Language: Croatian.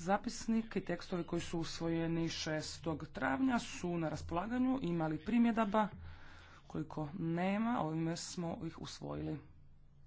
Zapisnik i tekstovi koji su usvojeni 6. travnja su na raspolaganju. Imali primjedaba? Koliko nema, ovime smo ih usvojili.